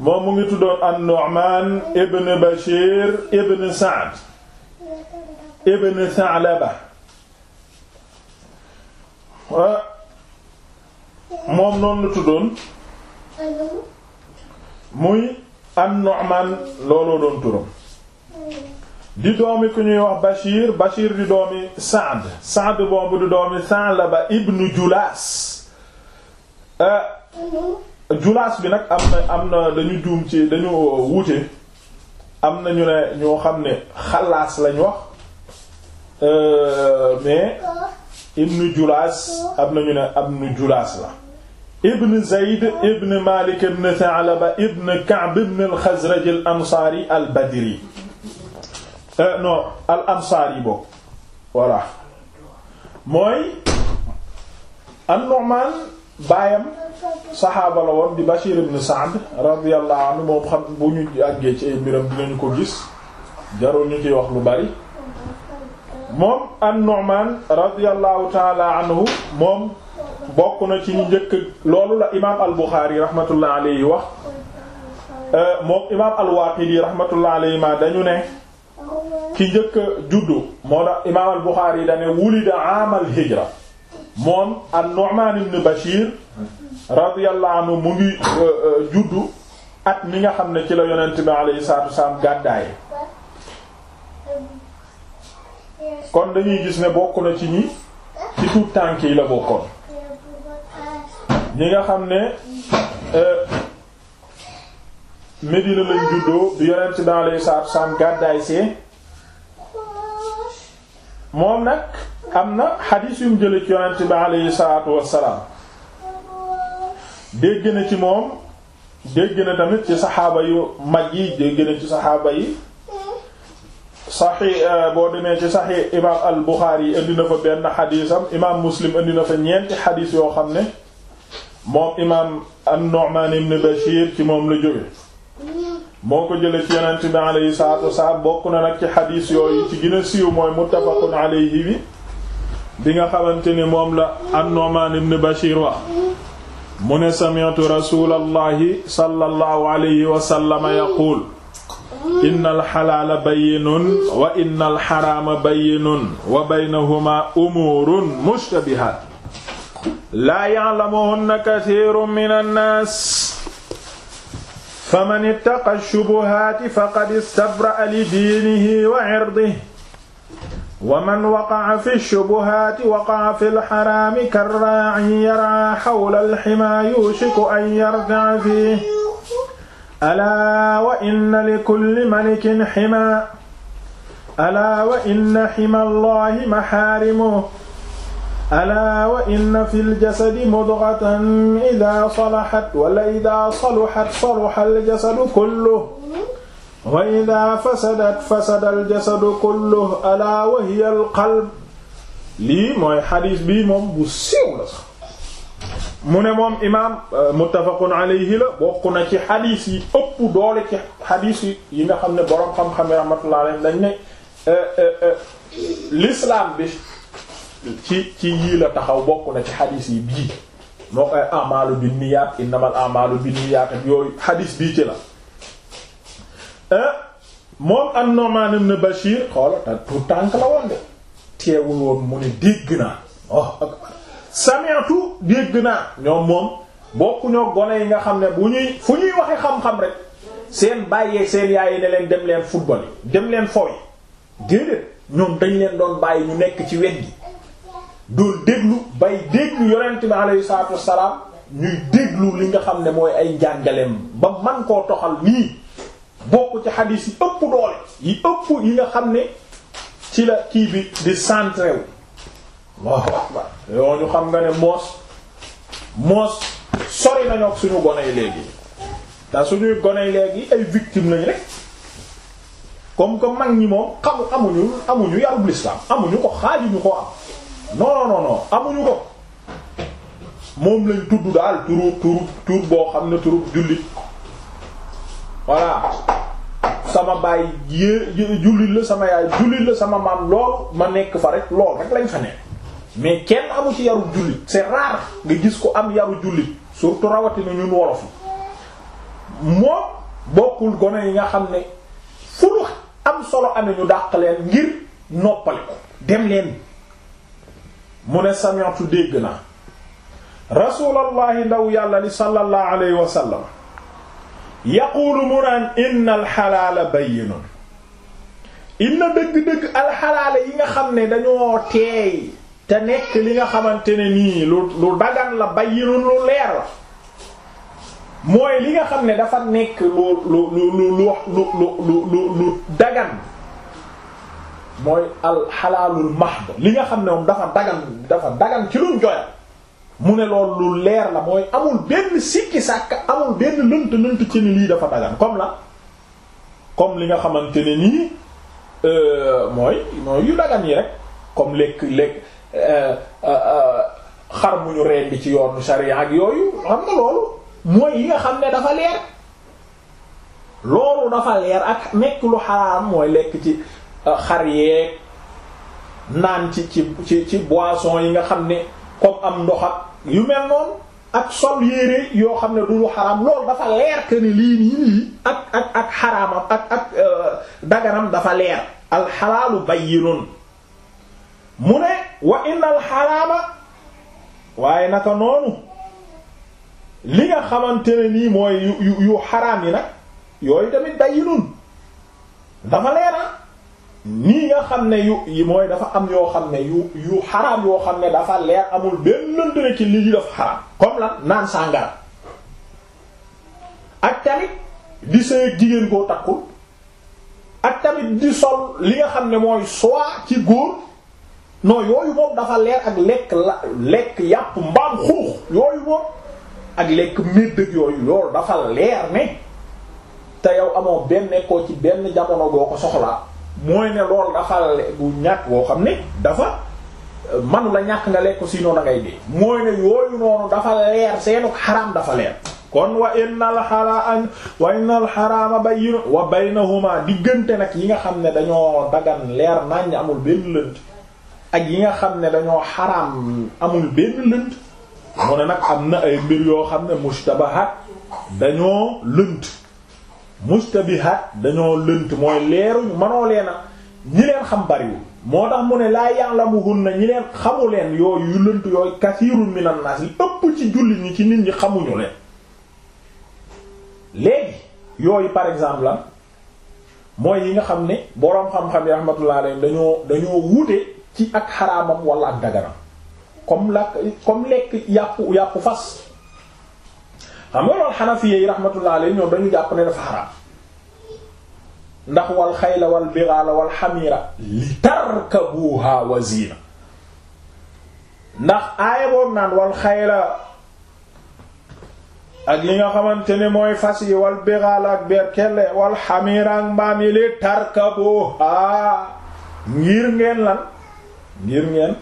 moom mu ngi tuddoon an-Nu'man ibn Bashir ibn Sa'd ibn Tha'laba moom noonu tuddoon muy an-Nu'man looloo doon turam di doomi ku ñuy wax Bachir Bachir di doomi Saad Saad boobu di doomi Saalaba ibnu Julaas julaas bi nag am na am na dañu juum ci dañu wuute am na ñu ne ñoo xam ne xalaas lañ wax euh, mais ibnu julaas am na ñu ne abn julaas la ibn zayd ibn malik ibn thalaba ibn ka'b ibn al-khazraj al-ansari al-badri euh, al-ansari boobu voilà mooy an-nu'man baayam saxaaba la woon di Bashir ibn Sa'd radiyallahu moom xam bu ñu àggee ci ay mbiram dinañu ko gis jarul ñu ciy wax lu bari moom an-Nu'man radiyallahu ta'ala anhu moom bokk na ci ñu njëkk loolu la imaam al-Bukhari rahmatullah alayhi wax euh, moom imaam al-Waqidi rahmatullah alayhi ma dañu ne ki njëkk juddu moo tax imaam al-Bukhari da ne wulida amal hijra moom an-Nu'man ibn Bashir radiyallahu anhu mu ngi euh, euh, juddu at mi nga xam ne ci la yonent bi alayhi salaatu wasalaam gàddaaye kon dañuy gis ne bokk na ci ñi ci tuut tànk yi la bokkoon ñi nga xam ne euh, Medina lañ juddoo bi yonent bi alayhi salaatu wasalaam gàddaay see moom nag am na xadiis yum jële ci yonent bi aleyhi salaatu wassalaam dégg na ci moom dégg na tamit ci saxaaba yu mag yi dégg na ci saxaaba yi saxi eh, boo demee ci saxi imaam al Buxaari indi na fa benn xadiisam imaam Muslim indi na fa ñeenti xadiis yoo xam ne moom imaam an-Nu'man ibn Bashir ci moom la jóge moo ko jële ci yonent bi aleyhi salaatu wassalaam bokk na nag ci xadiis yooyu ci gën siiw mooy muttafaqun aleyhi bi bi nga xamante ni moom la an-Nu'man ibn Bashir wax mu ne sami'tu rasulallahi sallallahu alayhi wa sallama yaquul innal xalaala bayyinun wa innal xaraama bayyinun wa baynahuma umuurun mushtabihaat laa ya'lamuhunna kasiirun minan naas faman ittaqa shubuhaati faqad istabra'a li diinihi wa 'irdihi wa man waqa'a fi shubuhaati waqa'a fi lxaraami karraa'i yar'a xawla alximaa yuushiku an yarta'a fiihi alaa wa inna likulli malikin ximaa alaa wa inna xima allahi maxaarimuhu alaa wa inna fi ljasadi mudghatan idaa salahat wala idaa saluhat saluha aljasadu kulluhu wa idaa fasadat fasadal jasadu kulluhu alaa wa hiya al lii mooy xadiis bii moom bu siiw la sax mu ne moom imaam euh, muttafaqun alayhi la bokk na ci xadiis yi ëpp doole ci xadiis yi yi nga xam ne boroom xam-xam yi rahmatullah alayhi dañ ne euh, euh, l'islam bi ci ci yii la taxaw bokk na ci xadiis i bii moo koy amaalu bi niyaat innamal amaalu bi niyaat ak yooyu xadiis bii ci la Eh, moom am Nu'man ibn Bashir xoola te tout tànk la woon de teewul woon mu ne dégg naa oh dégg naa ñoom moom bokku gone yi nga xam ne bu ñuy fu ñuy waxe xam-xam rek seen bàyyee seen yaay ne leen dem leen football yi dem leen fowi déedéet ñoom dañ leen doon bàyyi ñu nekk ci wet gi doon déglu bay déglu yonent bi alayhi salaatu wassalaam ñuy déglu li nga xam ne mooy ay njàngaleem ba man koo toxal nii bokk ci xadiis yi ëpp doole yi ëpp yi nga xam ne ci la kii bi di centré wu Allahu akbar yoo ñu xam nga ne moos moos sori nañu ak suñu gone léegi te suñuy gone yi léegi ay victime lañ rek comme que mag ñi moom xamu amuñu amuñu yarub lislaam amuñu ko xaajuñu ko am non non amuñu ko moom lañ tudd daal turu turu tur boo xam ne turu jullit voilà sama baay yée jullit la sama yaay jullit la sama maam lool ma nekk fa rek lool rek lañ fa ne mais kenn amu ci yaru jullit c'est nga gis ku am yaru jullit surtout rawatina ñun wolof yi moom bokkul gone yi nga xam ne fu lu am solo amee ñu dàq leen ngir noppale ko dem leen mu ne sami'tu dégg naa rasulallahi ndaw yàlla ni sallallahu alayhi wa yaquulu mu naan inna alxalaala bayyinun inna dëgg-dëgg alxalaala yi nga xam ne dañoo teey te nekk li nga xamante ne nii lu lu dagan la bayyinun lu leer la mooy li nga xam ne dafa nekk lu lu lu lu lu lu lu lu dagan mooy alxalaalul mahd li nga xam ne moom dafa dagan dafa dagan ci luñ joyal mu ne loolu leer la mooy amul benn sikki sàkk amul benn lënt lënt ci ni lii dafa dagan comme la comme li nga xamante ne nii euh, mooy mooy yu dagan yi rek comme lekk lekk euh, euh, xar mu ñu rendi ci yoonu sharia ak yooyu xam nga loolu mooy yi nga xam ne dafa leer loolu dafa leer ak nekk lu xaraam mooy lekk ci xar yeeg naan ci ci ci ci boisson yi nga xam ne comme am ndox yu mel noonu ak sol yére yoo xam ne du lu xaraam loolu dafa leer que ne lii nii lii ak ak ak xaraamam ak ak euh, daganam dafa leer alxalaalu bayyinun mu ne wa inna alxaraama waaye naka noonu li nga xamante ne nii mooy yu xaraam yi nag yooyu tamit bayyinun dafa leera ah. nii nga xam ne yu yi mooy dafa am yoo xam ne yu yu xaraam yoo xam ne dafa leer amul benn lëndëre ci lii ñu dafa xaraam comme la naan sàngara ak tamit di sëy jigéen koo takkul ak tamit di sol li nga xam ne mooy soie ci góor non yooyu moom dafa leer ak lekk la lekk yàpp mbaam xuux yooyu moom ak lekk méddëg yooyu loolu dafa leer ne te yow amoo benn nekkoo ci benn jamono boo ko soxlaa mooy ne lool dafa bu ñàkk boo xam ne dafa euh, man la ñàkk nga lekk si noonu ngay dee mooy ne yooyu noonu dafa leer seenu xaraam dafa leer kon wa innal xaraam wa innal xaraama bayyin wa diggante nag yi nga xam ne dañoo dagan leer nañ amul benn yi nga xam ne dañoo xaraam amul benn lënt mu ne nag am na ay mbir yoo xam ne mushtabahat dañoo lënt mustabihat dañoo lënt mooy leeruñu manoo leen a ñi leen xam bariwul moo tax mu ne laa ya'lamuhunna ñi leen xamu leen yooyu yu lënt yooyu kasiirun minan naas li ëpp ci julli ñi ci nit ñi xamuñu leen léegi yooyu par exemple la mooy yi nga xam ne boroom xam-xam yi rahmatullah alayhi dañoo dañoo wute ci ak xaraamam wala ak daganam comme la comme lekk yàppu yàppu fas xam nga loolu xanafiya yi ñoom dañu jàpp ne dafa xaraam ndax wal xayla wal li tarkabuha wa ndax aaya boobu naan wal ak li nga xamante ne mooy fas yi wal ak berkelle wal ak mbaam yi li tarkabuha ngir ngeen lan ngir ngeen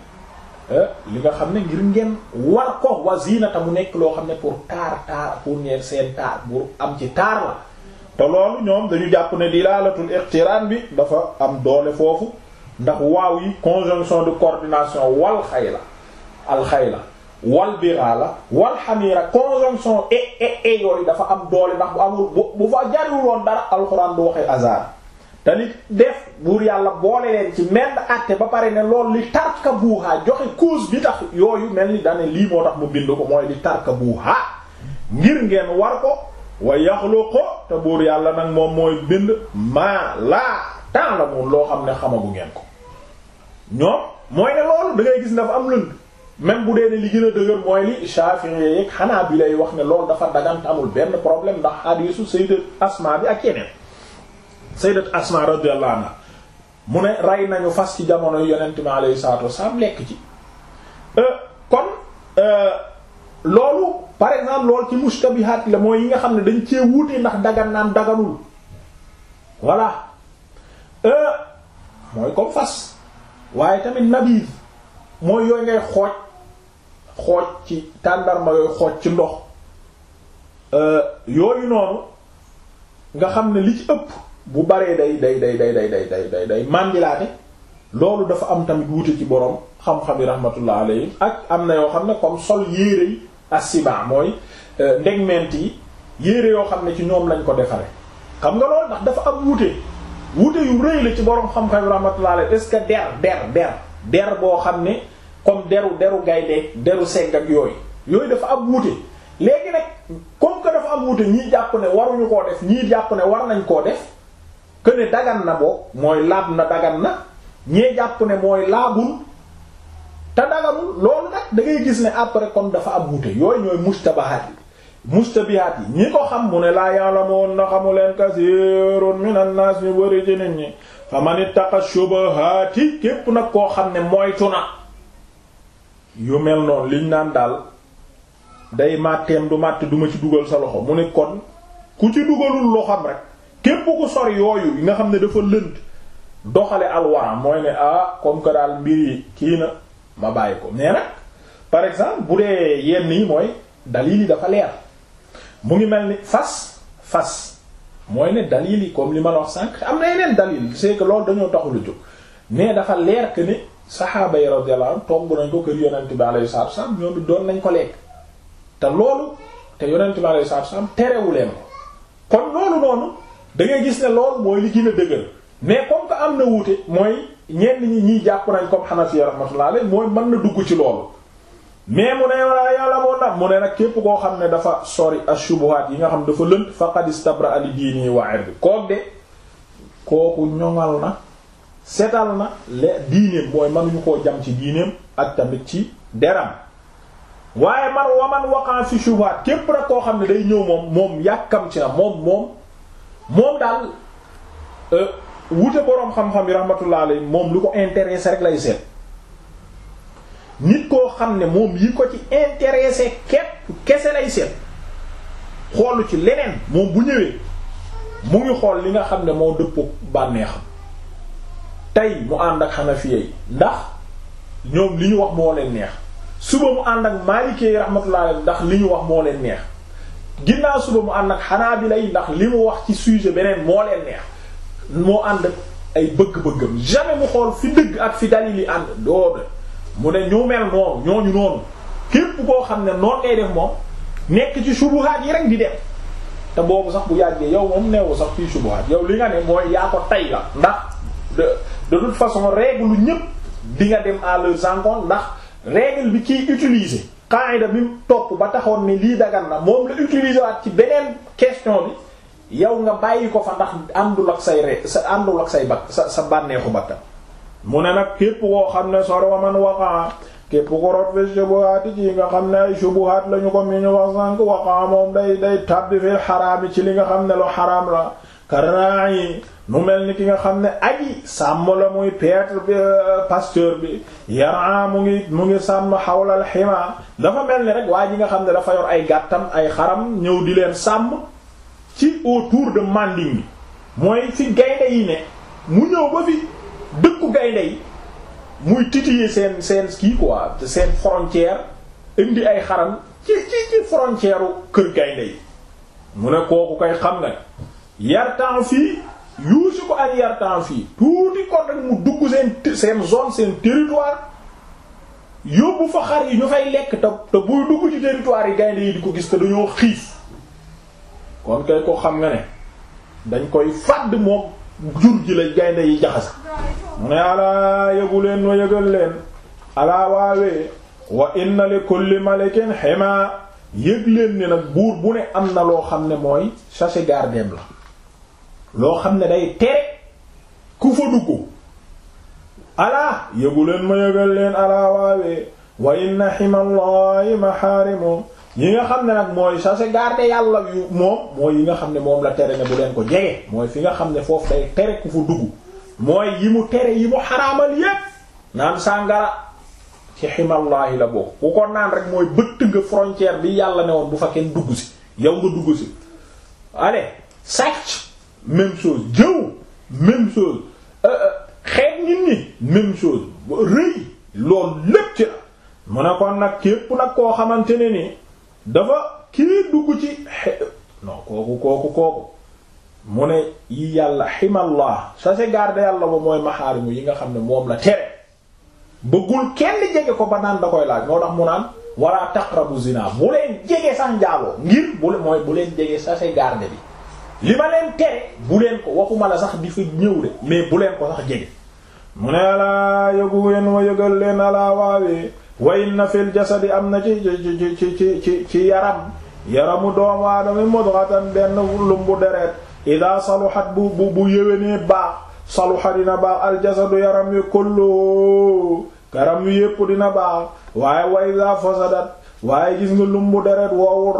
Euh, li nga xam ne ngir ngeen war ko wa zinata mu nekk loo xam ne pour taar taar pour ngeen seen taar pour am ci taar la te loolu ñoom dañu jàpp ne dilaalatul iqtiraan bi dafa am doole foofu ndax waaw yi conjonction de coordination wal la al xayla wal biraala wal xamiira conjonction e e e yooyu dafa am doole ndax bu amul bu fa jariwul dara alxuraan du waxee hasard te li def buur yàlla boole leen ci mend àtte ba pare ne loolu li tarka buuhaa joxe cause bi tax yooyu mel ni dane lii moo tax mu bind ko mooy li tarka buuhaa ngir ngeen war ko wa ko te buur yàlla nag moom mooy bind maa laa ta'lamuun loo xam ne xamagu ngeen ko ñoom mooy ne loolu da ngay gis dafa am lënd même bu dee ne li gën a dëgër mooy li Shafi'i yeeg xanaa bi lay wax ne loolu dafa dagant amul benn problème ndax hadiisu sayyidat Asma bi ak yeneen sayyidat Asma radiyallahu anha mu ne rey nañu fas ci jamono yonent mi alayhi salaatu wasalaam lekk ci euh, kon euh, loolu par exemple lool ci mustabihaat la mooy yi nga xam ne dañ cee wuute ndax dagan naan daganul voilà euh, mooy comme fas waaye tamit nabiz mooy yooyu ngay xooj xooj ci tàndarma yooyu xooj ci ndox yooyu noonu nga xam ne li ci ëpp bu baree day day day day day day day day day màndilaate loolu dafa am tamit wute ci borom xam-xam yi rahmatullah alayhi ak am na yoo xam ne comme sol yére yi asiba mooy euh, ndegment yi yére yoo xam ne ci ñoom lañ ko defaree xam nga loolu ndax dafa am wute wute yu rëy la ci borom xam-xam yi rahmatullah alayhi est que der der der der boo xam ne comme deru deru gaynde deru segg ak yooyu yooyu dafa am wute léegi nag comme que dafa am wute ñii jàpp ne waruñu koo def ñii jàpp ne war nañ koo def que ne dagan na boog mooy laab na dagan na ñee jàpp ne mooy laabul te daganul loolu nag da gis ne après kon dafa am wute yooyu ñooy mustabahaat yi mustabihaat yi ñi ko xam mu ne laa ya'lamuun na xamu leen kasiirun minan naas ñu ci nit ñi fa man ittaqa shubahaati képp nag koo xam ne moytu na yu mel noonu liñ naan daal day màtteem du màtt duma ci dugal sa loxo mu ne kon ku ci dugalul loo xam rek képp ku sori yooyu yi nga xam ne dafa lënt doxale alwara mooy ne ah comme que daal mbir yi kii na ma bàyyi ko mais nag par exemple bu dee yenn yi mooy dalil yi dafa leer mu ngi mel ni fas fas mooy ne dalil yi comme li ma la wax am na yeneen dalil c'est que loolu dañoo taxul a jóg mais dafa leer que ne saxaaba yi radiyallahu anhu togg nañ ko kër yonent bi alayhi salaatu wasalaam ñoom it doon nañ ko lekk te loolu te yonent bi alayhi salaatu wasalaam terewuleen ko kon loolu da ngay gis ne lool mooy li gën a dëgër mais comme am na wuute mooy ñenn ñi ñiy jàpp nañ comme Hanafi rahmatullah alayhi mooy mën na dugg ci loolu mais mu ne moo ne nag képp koo xam ne dafa sori ashubuhaat yi nga xam dafa lënt faqad istabra li diini wa irdi koog de kooku ñoŋal na setal na le diineem mooy mënuñu koo jam ci diineem ak tamit ci deram waaye man waman waqan fi shubuhaat képp nag koo xam ne day ñëw moom moom yàkkam ci na moom moom moom daal euh, wute boroom xam-xam yi rahmatullah moom lu ko intéressé rek lay seet nit koo xam ne moom yi ko ci intéressé képp kese lay seet xoolu ci leneen moom bu ñëwee mu ngi xool li nga xam ne moo dëppoo bànneexam tey mu ànd ak xanafiya yi ndax ñoom li ñu wax moo leen neex suba mu ànd ak maalikee rahmatullah alayhi ndax li ñu wax moo leen neex ginnaaw suba mu ànd ak Hanabila yi ndax li mu wax ci sujet beneen moo leen neex moo ànd ay bëgg-bëggam jamais mu xool fi dëgg ak fi dalil yi ànd doobe mu ne ñu mel noonu ñooñu noonu képp koo xam ne noon ngay def moom nekk ci subuhaat yi rek di dem te boobu sax bu yàggee yow moom neewu sax fii subuhaat yow li nga ne mooy yaa ko tay la ndax de de toute façon règle lu ñépp di nga dem à leurs encontres ndax règle bi kiy utiliser qaida bi mu topp ba taxoon ni lii dagan na moom la utiliser waat ci beneen question bi yow nga bàyyi ko fa ndax àndul ak say re sa àndul ak say bakk sa sa bànneexu bakkan mu ne nag képp ko xam ne sorowa man waqaa képp ko rot fi shubuhaat yi nga xam ne ay shubuhaat lañu ko mi ñu wax sànk moom day day tàbbi fi xaraam yi ci li nga xam ne loo xaraam la karaayi mu mel ni ki nga xam ne aji sàmm la muy Piètre euh, Pasteur bi yaraa mu ngi mu ngi sàmm xawlal xima dafa mel ni rek waa ji nga xam ne dafa yor ay gàttam ay xaram ñëw di leen sàmm ci autour de Manding bi mooy fi gaynde yi ne mu ñëw ba fi dëkku gaynde yi muy titiller seen seen kii seen frontière indi ay xaram ci ci ci frontière kër gaynde yi mu ne kooku koy xam nga yartan fii yuusu ko ak yartan fii tuuti kon rek mu dugg seen seen zone seen territoire yóbbu fa xar yi ñu fay lekk te te buy dugg ci territoire yi gaynde yi di ko gis te dañoo xiif kon kay ko xam nga ne dañ koy fàdd moom jur ji la gaynde yi jaxas mu ne alaa yëgu leen ma yëgal leen alaa waawee wa inna li kulli malikin xima yëg leen ni nag buur bu ne am na loo xam ne mooy chasse gardée la loo xam ne day teet ku fa dugg alaa yëgu ma yëgal leen alaa waawee wa inna himallahi mahaarimu yi nga xam ne nag mooy sa se garder yàlla yu moom mooy yi nga xam ne moom la tere ne bu leen ko jege mooy fi nga xam ne foofu day tere ku fa dugg mooy yi mu tere yi mu xaraamal yépp naan sàngara ci himallaahi la bokk ku ko naan rek mooy bëtt nga frontière bi yàlla ne woon bu fa kenn dugg si yow nga dugg si ale sàcc même chose jëw même chose euh, euh, xeet nit ñi même chose rëy loolu lépp ci la mu ne kon nag képp nag koo xamante ne ni dafa kii dugg ci non kooku kooku kooku mu ne yi yàlla ximallah sa se garde yàlla ba mooy maxaarimu yi nga xam ne moom la tere bëggul kenn jege ko ba naan da koy laaj moo tax mu naan wala taqrabu zina bu leen jege sax njaaloo ngir bu mooy bu leen jege sa se garde bi li ma bu leen ko waxuma la sax di fa ñëw de mais bu leen ko sax jege mu ne alaa yëgu leen wa yëgal leen alaa waawee wa inna fil jasadi am na ci ci ci ci ci yaram yaramu doomu aadama mudghatan benn lumbu deret idaa saluhat bu bu bu yéwénee baax saluha dina baax aljasadu yaram yu kullu yaram yu yépp dina baax waaye wa idaa fasadat waaye gis nga lumbu deret woowu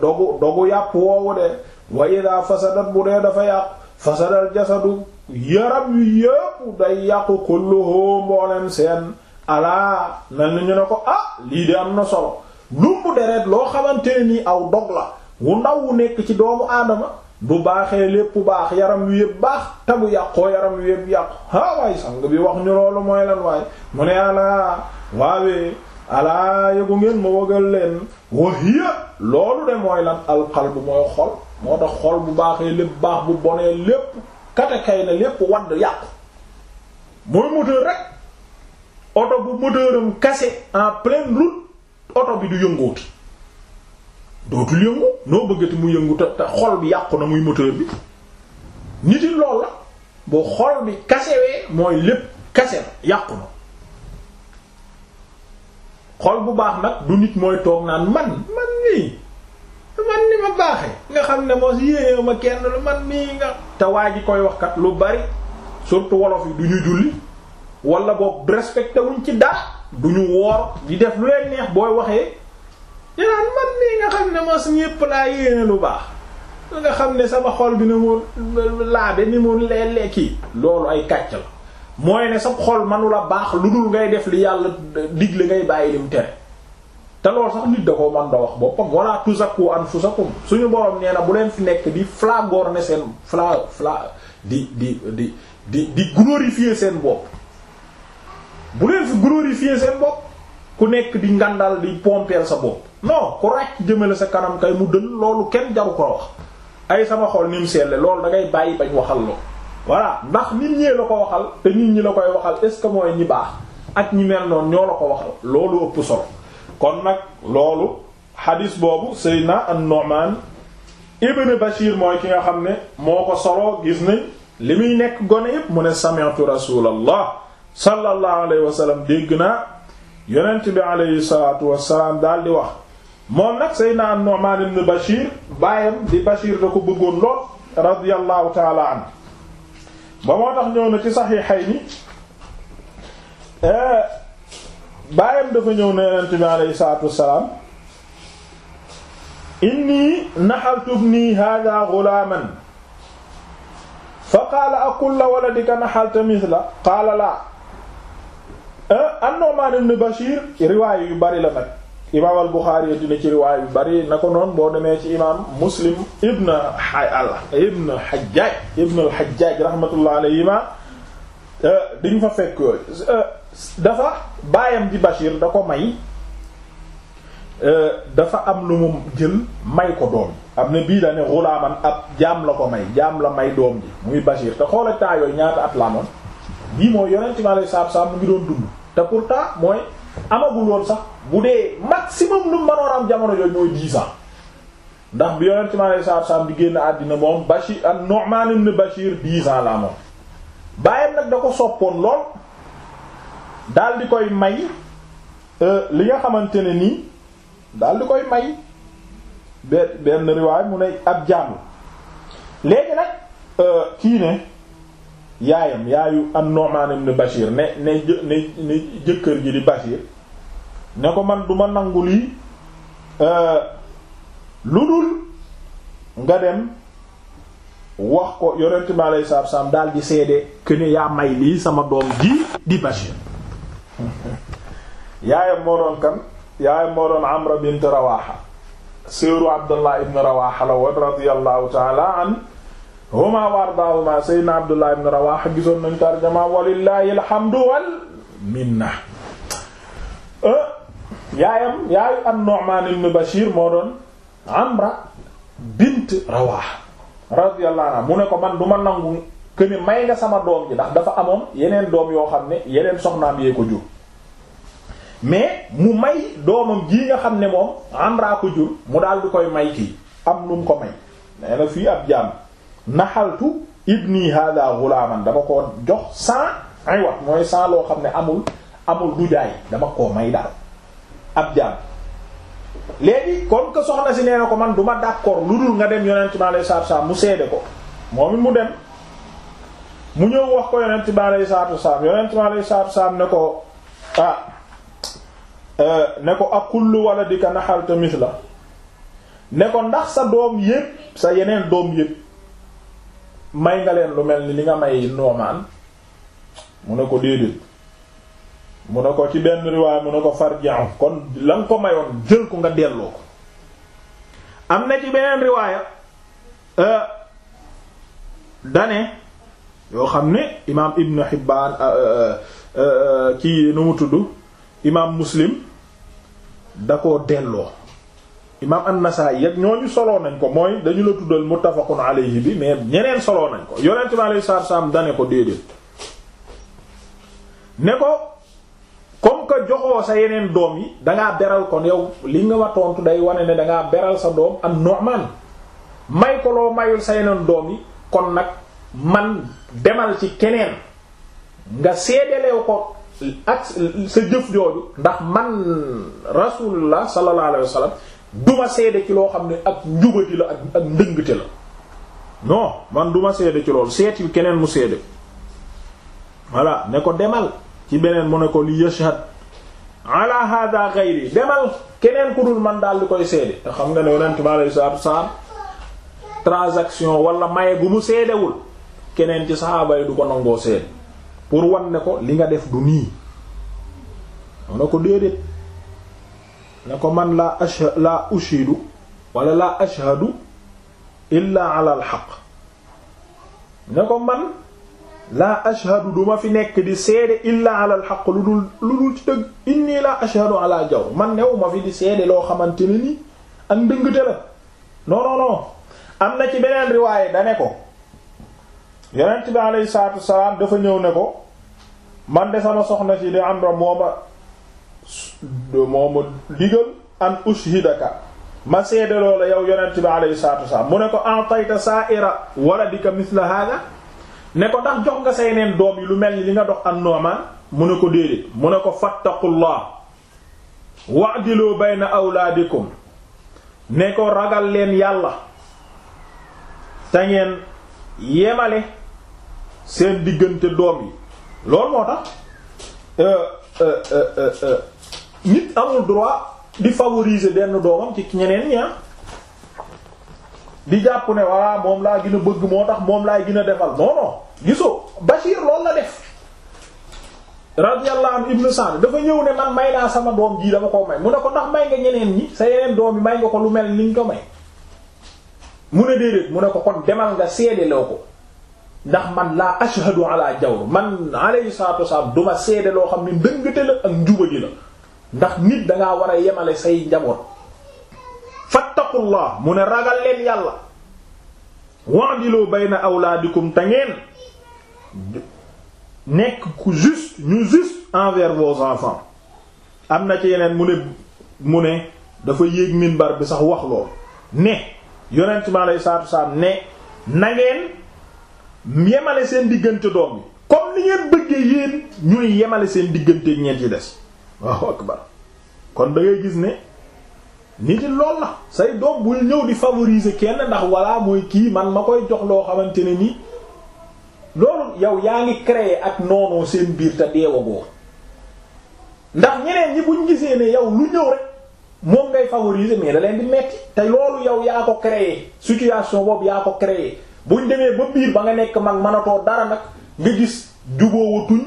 dogu dogu yàpp woowu de wa ida fasadat bu dee dafa yàqu fasadal jasadu yaram yu yépp day yàqu kulluhu mboolem seen alaa nan na ñu ne ko ah lii de am na solo lumbu deret loo xamante ne nii aw dog la wu ndaw wu nekk ci doomu aadama bu baaxee lépp baax yaram wi yépp baax te bu yàqoo yaram wi yépp yàqu ha waay sang bi wax ñu loolu mooy lan waay mu ne alaa waawee alaa yëgu ngeen ma wagal leen wa hiya loolu ne mooy lan bu mooy xol moo tax xol bu baaxee lépp baax bu bonee lépp katakay na lépp wadd yàqu mooy moteur rek oto bu moteuram cassé en pleine route oto bi du yëngooti dootul yëngu noo bëggati mu yënguta te te xol bi yàqu na muy moteur bi nit lool la bu xol bi kasewee mooy lépp kase na yàqu na xol bu baax nag du nit mooy toog naan man man nii man ni ma baaxe nga xam ne mos yéeneew ma kenn lu man nii nga te waa ji koy wax kat lu bari surtout wolof yi du ñu julli wala boobu respecté wuñ ci dara du ñu woor di def lu leen neex booy waxee ñu man nii nga xam ne mos ñépp laa yéene lu baax nga xam ne sama xol bi ni mu laabe ni mu lee lekki loolu ay kàcc la mooy ne sa xol manula baax lu dul ngay def li yàlla digle ngay bàyyi lim tere te loolu sax nit da ko man da wax boppam wala tuzakku anfusakum suñu borom nee na bu leen fi nekk di flagorner seen fla flaa di di di di di yi glorifier seen bopp bu leen fi glorifier seen bopp ku nekk di ngandal di pompeel sa bopp non ku ràcc jëmale sa kanam kay mu dël loolu kenn jaru ko wax ay sama xol ni mu seetle loolu da ngay bàyyi bañ waxal loolu voilà ndax nit ñee la ko waxal te nit ñi la koy waxal est-ce que mooy ñi baax ak ñi mel noonu ñoo la ko waxal loolu ëpp solo kon nag loolu xadiis boobu Seydina an-Nu'man ibn Bashir mooy ki nga xam ne moo ko solo gis nañ li muy nekk gone yëpp mu ne sami'tu rasulallah sallallahu alayhi wa sallam dégg naa yonent bi alayhi salaatu wasalaam daal di wax moom nag Seydina an-Nu'man ibn Bashir baayam di Bashir da ko bëggoon lool radiyallahu taala an ba moo tax ñëw na ci Sahihayni eh, baayam dafa ñëw na yonent bi alayhi salaatu wassalaam inni naxaltu ibni haadaa ghulaaman fa qaala akulla waladika naxalta mithla qaala laa eh, an-Nu'maan ibn Bashiir riwaaya yu bari la nag imaam al Buxaari dina ci riwaay yu bari na ko noonu boo demee ci imaam Muslim ibn al ibn Hajjaaj ibn al Hajjaaj rahmatullah alayhima euh, di ñu fa fekk yooyu euh, dafa baayam di Bachir da ko may euh, dafa am lu mu jël may ko doom am ne bii dane xulaaman ab jaam la ko may jaam la may doom ji muy Bachir te xoola temps yooyu ñaata at la amoon bii mooy yonent mi alayhi salaatu salaam mu ngi doon dund te pourtant mooy amagul woon sax bu dee maximum lu mënoon am jamono yooyu mooy dix ans ndax bi yonent mi alayhi salaatu salaam di génn àddina moom Bachir ak Nu'man ibn Bachir la moom bàyyam nag da ko soppoon lool daal di koy may euh, li nga xamante ne nii daal di koy may benn benn riwaay mu ne ab jàmm léegi nag euh, kii ne. yaayam yaayu an Nu'man ibn Bashir ne ne ne ne jëkkër ji di Bashir ne ko man duma nangu lii euh, lu dul nga dem wax ko yonent bi alayhi salaatu salaam daal di seede ne yaa may lii sama doom ji di Bashir yaayam moo doon kan yaayam moo doon Amra bint Rawaha seeru Abdullah ibn Rawaha la woon radiyallahu ta'ala an huma wardaahuma seydna abdullah ibn rawaha gisoon nañu tarjama walillahi alhamdu wal minna yaayam yaayu an-nu'man ibn bashir moo doon amra bint rawaha radiyallahu anha mu ne ko man du ma nangu këni may nga sama doom ji ndax dafa amoon yeneen doom yoo xam ne yeneen soxnaam yee ko jur mais mu may doomam ji nga xam ne moom amra ko jur mu daal di koy may kii am nu mu ko may nee na fii ab jàmm naxaltu ibni hada ghulaman dama ko jox cent ay wax mooy cent loo xam ne amul amul du jaay dama koo may daal ab jaam léegi comme que soxna si nee ko man du ma d'accord lu dul nga dem yonent bi alayhi salaatu salaam mu seede ko moom it mu dem mu ñëw wax ko yonent bi alayhi salaatu salaam yonent bi alayhi salaatu salaam ne ko ah euh, ne ko akullu waladika nahalta mithla ne ko ndax sa doom yépp sa yeneen doom yépp may nga leen lu mel ni li nga may Nu'man mu ne ko déedéet mu ne ko ci benn riwaay mu ne ko farja'u kon la nga ko mayoon jël ko nga delloo ko am na ci beneen riwaaya euh, dane yoo xam ne imaam Ibn Hibbaan ci euh, euh, nu mu tudd imaam Muslim da koo delloo imam an-Nasa'i ñoo ñooñu soloo nañ ko mooy dañu la tuddal muttafaqun alayhi bi mais ñeneen soloo nañ ko yonent ma alayhi salaatu salaam dane ko déedéet ne ko comme que joxoo sa yeneen doom yi dangaa beral kon yow li nga ma tontu day wane ne dangaa beral sa doom am Nu'man may ko loo mayul sa yeneen doom yi kon nag man demal ci keneen nga seedeleew ko ak sa jëf jooju ndax man rasulullah sallallahu alayhi wasallam duma seede ci loo xam ne ak njubati la ak ak ndëngte la non man duma seede ci loolu seeti keneen mu seede voilà ne ko demal ci beneen mu ne ko li yashhad ala hada ghayri demal keneen ku dul man daal di koy seede te xam nga ne yonent bi alayhi salaatu salaam transaction wala maye gu mu seedewul keneen ci saxaaba du ko nangoo seede pour wan ne ko li nga def du nii mu ne ko déedéet ne ko man laa ashha laa ushidu wala laa ashhadu illa ala al ne ko man laa du duma fi nekk di seede illa ala al lu dul lu dul ci dëgg inni laa ashhadu ala jawr man new ma fi di seede loo xamante ne ni ak ndëngte la non non am na ci beneen riwaaye da ne ko yonent bi alayhi salaatu wasalaam dafa ñëw ne ko man de sama soxna si di am ra mooma moo ma digal an ushhidaka ma seede loola yow yonent bi alayhi salatu wasallam mu ne ko antayta sa'ira waladika mithla hada ne ko ndax jox nga say neen doom yi lu mel ni li nga dox am noomaan mu ne ko déedéet mu ne ko fattaqullah wa'dilu bayna awlaadikum ne ko ragal leen yàlla te ngeen yemale seen diggante doom yi loolu moo tax euh, euh, euh, nit amul droit di favoriser benn doomam ci ñeneen ñi ah. di jàpp ne walla moom laa gën a bëgg moo tax moom laay gën a defal non non gisoo Bachir loolu la def radiyallahu anhu ibnu Sa'd dafa ñëw ne man may naa sama doom jii dama koo may mu ne ko ndax may nga ñeneen ñi sa yeneen doom yi may nga ko lu mel ni ñu ko may mu ne déedéet mu ne ko kon demal nga seede loo ko ndax man laa ashhadu ala jawr man alayhi salatu wasallam duma seede loo xam ne ndëngate la ak njubali la ndax nit danga war a yemale say njaboot fattaqullah mu ne ragal leen yàlla wa'dilu bayna awlaadikum te ngeen nekk ku juste ñu juste envers vos am na ci yeneen mu ne mu ne dafa yéeg minbar bi sax wax lool ne yonent mi alayhi salaatu salaam ne na ngeen yemale seen diggante doom bi comme ni ngeen bëggee yéen ñuy yemale seen diggante ñeent ci des waaw akbar kon da ngay gis ne nit it lool na say doom bul ñëw di favoriser kenn ndax walla mooy kii man ma koy jox loo xamante ne nii loolu yow yaa ngi créer ak noonoo seen biir te deewagoo ndax ñeneen ñi buñ gisee ne yow lu ñëw rek moom ngay favoriser mais da leen di metti te loolu yow yaa ko créer situation boobu yaa ko crée buñ demee ba biir ba nga nekk man mënatoo dara nag nga gis juboowu tuñ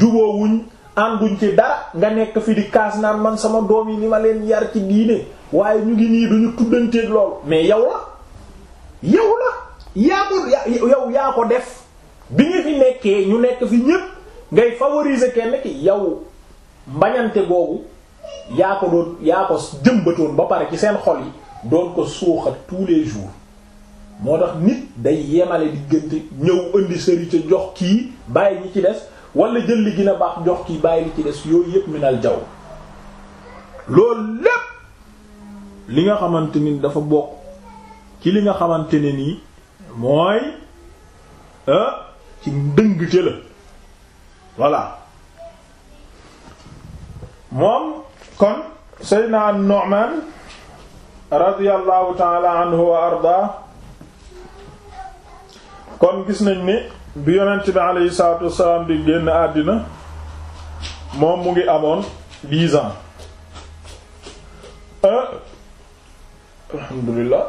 juboowuñ duñ ci dara nga nekk fi di kaas naan man sama doom yi ni ma leen yar ci diine waaye ñu ngi nii duñu tuddanteeg loolu mais yow la yow la yaa ko def bi nga fi nekkee ñu nekk fi ñépp ngay favoriser kenn ki yow mbañante boobu yaa ko doon yaa ko jëmbatoon ba pare ci seen xol yi doon ko suuxat tous les jours moo tax nit day yemale diggante ñëw indi sëri ca jox kii bàyyi ñi ci des wala jël li gën a baax jox ki bàyyi li ci des yooyu yëpp minal jaw loolu lépp li nga xamante ni dafa bokk ci li nga xamante ne nii mooy euh, ci ndëngte la voilà moom kon Seydina Nu'man radiyallahu ta'ala anhu wa arda kon gis nañ ni bi yonent bi aleyhi salaatu wasalaam di génn àddina moom mu ngi amoon dix ans euh, alhamdulilah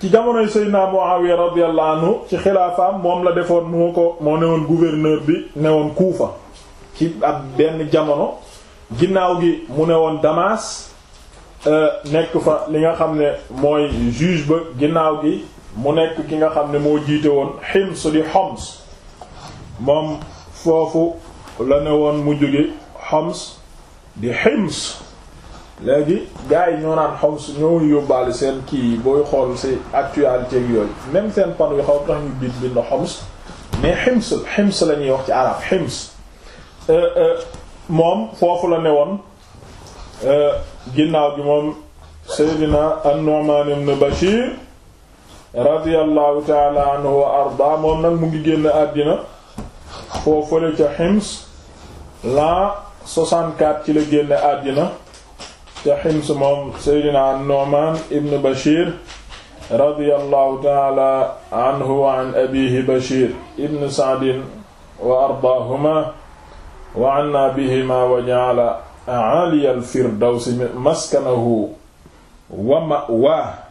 ci jamonoy Seydina Muawiya radiyallahu anhu ci xilaafaam moom la defoon moo ko moo newoon gouverneur bi newoon Kuufa ci ab benn jamono ginnaaw gi mu newoon Damas euh, nekk fa li nga xam ne mooy juge ba ginnaaw gi mu nekk ki nga xam ne moo jiite woon Hims di Homs moom foofu la ne woon mu jóge Homs di Hims léegi gars yi ñoo naan Homs ñoo yóbbaale seen kii yi booy xool ci actualité yooyu même seen pan wi xaw tax ñu biit bind Homs mais Hims Hims la wax ci arab Hims euh, euh, moom foofu la ne woon euh, ginnaaw gi moom Seydina an-Nu'man ibn Bashir radiyallahu taala anhu wa arda moom nag mu ngi génn àddina foofale ca Hims l'an 64 ci la génn àddina ca Hims moom Seydina Nu'man ibn Bashir radiyallahu taala anhu wa an abihi Bashir ibn Sa'd wa ardaahuma wa anna bihima wa ja'ala a'ali al-firdawsi maskanahu wa ma'waahu